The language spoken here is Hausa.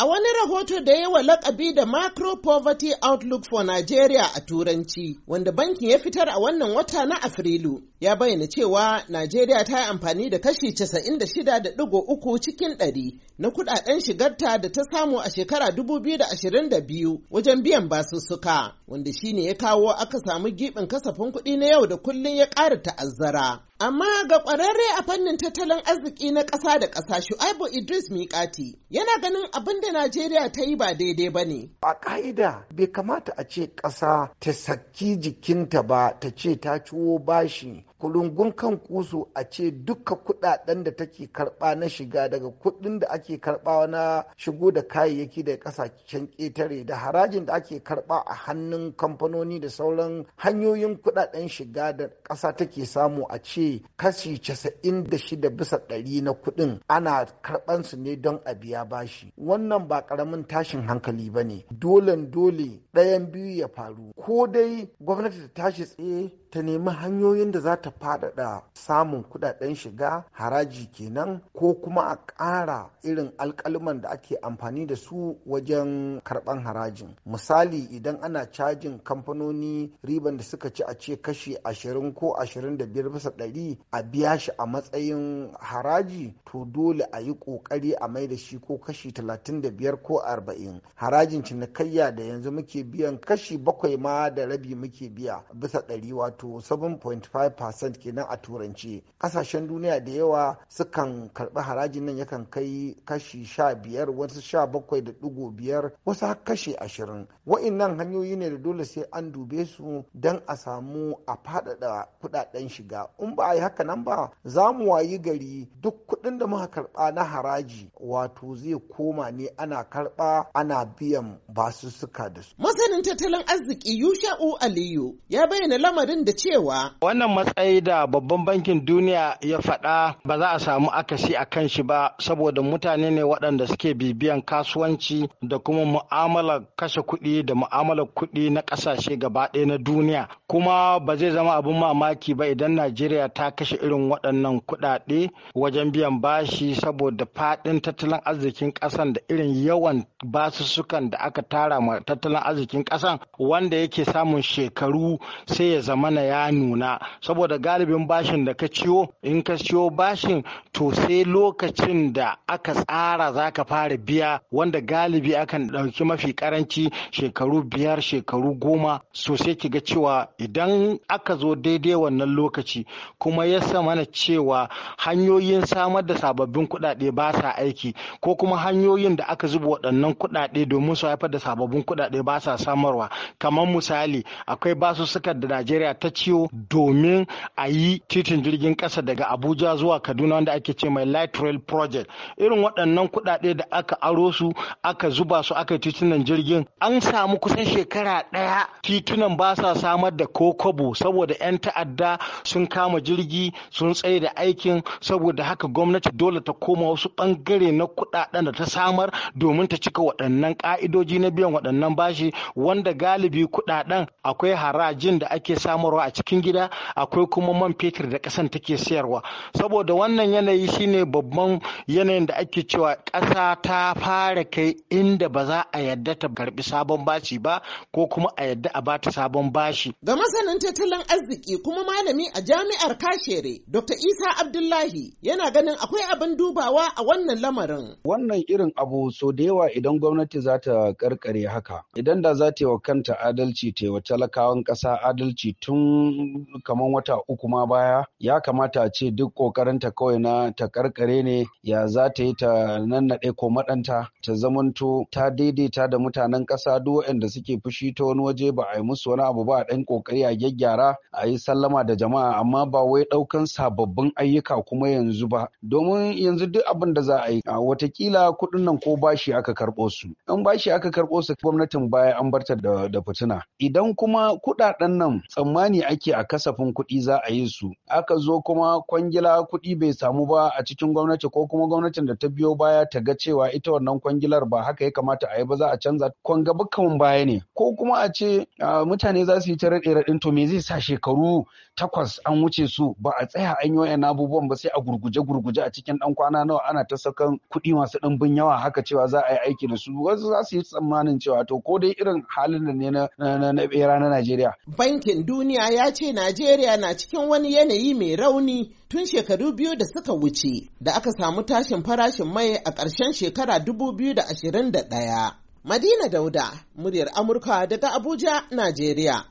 A wani rahoto da ya wa lakabi da Macro Poverty Outlook for Nigeria a Turanci, wanda bankin ya fitar a wannan wata na Afrilu, ya bayyana cewa Najeriya ta yi amfani da kashi 96.3 cikin ɗari, na kudaden shigarta da ta samu a shekara 2022 wajen biyan basussuka, wanda shine ya kawo aka samu giɓin kasafin kuɗi na yau da kullum ya ƙara ta'azzara. Amma ga ƙwararre a fannin tattalin arziki na ƙasa da ƙasa Shu'aibu Idris Mikati yana ganin abin da Najeriya ta yi ba daidai ba ne. A ƙa'ida bai kamata a ce ƙasa ta saki jikinta ba ta ce ta ciwo bashi kulungun kan kusu a ce duka kudaden da take karba na shiga daga kudin da ake karba na shigo da kayayyaki da kasashen ketare da harajin da ake karba a hannun kamfanoni da sauran hanyoyin kudaden shiga da kasa take samu a ce kashi casa'in da shida bisa ɗari na kudin ana karban su ne don a biya bashi wannan ba karamin tashin hankali ba ne dolen dole ɗayan biyu ya faru ko dai gwamnati ta tashi tsaye ta nemi hanyoyin da za ta faɗaɗa samun kuɗaɗen shiga haraji kenan ko kuma a ƙara irin alƙaluman da ake amfani da su wajen karɓan harajin misali idan ana cajin kamfanoni riban da suka ci a ce kashi ashirin ko ashirin da biyar bisa ɗari a biya shi a matsayin haraji to dole a yi ƙoƙari a mai da shi ko kashi talatin da biyar ko arba'in harajin cinikayya da yanzu muke biyan kashi bakwai ma da rabi muke biya bisa ɗari wato 7.5% kenan a turanci ƙasashen duniya da yawa sukan karɓi harajin nan yakan kai kashi sha biyar wasu sha bakwai da ɗigo biyar wasu har kashi ashirin wa'innan hanyoyi ne da dole sai an dube su don a samu a faɗaɗa kuɗaɗen shiga in ba a yi haka nan ba za mu wayi gari duk kuɗin da muka karɓa na haraji wato zai koma ne ana karɓa ana biyan basussuka da su masanin tattalin arziki Yusha'u Aliyu ya bayyana lamarin da cewa wannan matsayi da babban bankin duniya ya faɗa ba za a samu akasi a kan shi ba saboda mutane ne waɗanda suke bibiyan kasuwanci da kuma mu'amalar kashe kuɗi da mu'amalar kuɗi na ƙasashe gaba ɗaya na duniya kuma ba zai zama abin mamaki ba idan Najeriya ta kashe irin waɗannan kuɗaɗe wajen biyan bashi saboda faɗin tattalin arzikin ƙasan da irin yawan basussukan da aka tara ma tattalin arziki arzikin ƙasan wanda yake samun shekaru sai ya zamana ya nuna saboda galibin bashin da ka ciwo, in ka ciwo bashin to sai lokacin da aka tsara za ka fara biya wanda galibi akan ɗauki mafi karanci shekaru biyar shekaru goma so sai ki ga cewa idan aka zo daidai wannan lokaci kuma ya mana cewa hanyoyin samar da sababbin kuɗaɗe ba sa aiki ko kuma hanyoyin da aka zuba waɗannan kuɗaɗe domin su haifar da sababbin kuɗaɗe ba sa samarwa kamar misali akwai basu suka da najeriya ta ciwo domin a yi titin jirgin ƙasa daga abuja zuwa kaduna wanda ake ce mai light rail project irin waɗannan kuɗaɗe da aka aro su aka zuba su aka titunan jirgin an samu kusan shekara ɗaya titunan ba sa samar da kokobo saboda 'yan ta'adda sun kama jirgi sun tsaye da aikin saboda haka gwamnati dole ta koma wasu bangare na kuɗaɗen da ta samar domin ta cika waɗannan ka'idoji na biyan waɗannan bashi wanda galibi kudaden akwai harajin da ake samarwa a cikin gida akwai kuma man fetur da kasan take sayarwa saboda wannan yanayi shine babban yanayin da ake cewa ƙasa ta fara kai inda ba za a yadda ta karbi sabon bashi ba ko kuma a yadda a bata sabon bashi ga masanin tattalin arziki kuma malami a jami'ar kashere dr isa abdullahi yana ganin akwai abin dubawa a wannan lamarin wannan irin abu so da yawa idan gwamnati za ta karkare haka idan Uganda za ta yi wa kanta adalci ta yi wa talakawan ƙasa adalci tun kamar wata uku ma baya ya kamata ce duk ƙoƙarinta kawai na ta karkare ne ya za ta yi ta nannaɗe ko maɗanta ta zamanto ta daidaita da mutanen ƙasa duk waɗanda suke fushi ta wani waje ba a yi musu wani abu ba a ɗan ƙoƙari a gyaggyara a yi sallama da jama'a amma ba wai ɗaukan sababbin ayyuka kuma yanzu ba domin yanzu duk abin da za a yi A watakila kuɗin nan ko bashi aka karɓo su in bashi aka karɓo su gwamnatin baya an barta da, da fitina idan kuma kuɗaɗen nan tsammani ake a kasafin kuɗi za a yi su aka zo kuma kwangila kuɗi bai samu ba a cikin gwamnati ko kuma gwamnatin da ta biyo baya ta ga cewa ita wannan kwangilar ba haka ya kamata a yi ba za a canza kwanga bukkan baya ne ko kuma a ce mutane za su yi ta da raɗin to me zai sa shekaru takwas an wuce su ba a tsaya an yi wa'yan abubuwan ba sai a gurguje gurguje a cikin ɗan kwana nawa ana ta sakan kuɗi masu ɗimbin yawa haka cewa za a yi aiki da su wasu za su yi tsammanin cewa to ko dai irin halin da ne na na bera na Najeriya. Bankin Duniya ya ce Najeriya na cikin wani yanayi mai rauni tun shekaru biyu da suka wuce da aka samu tashin farashin mai a ƙarshen shekara ɗaya. Madina Dauda, muryar Amurka daga Abuja, Najeriya.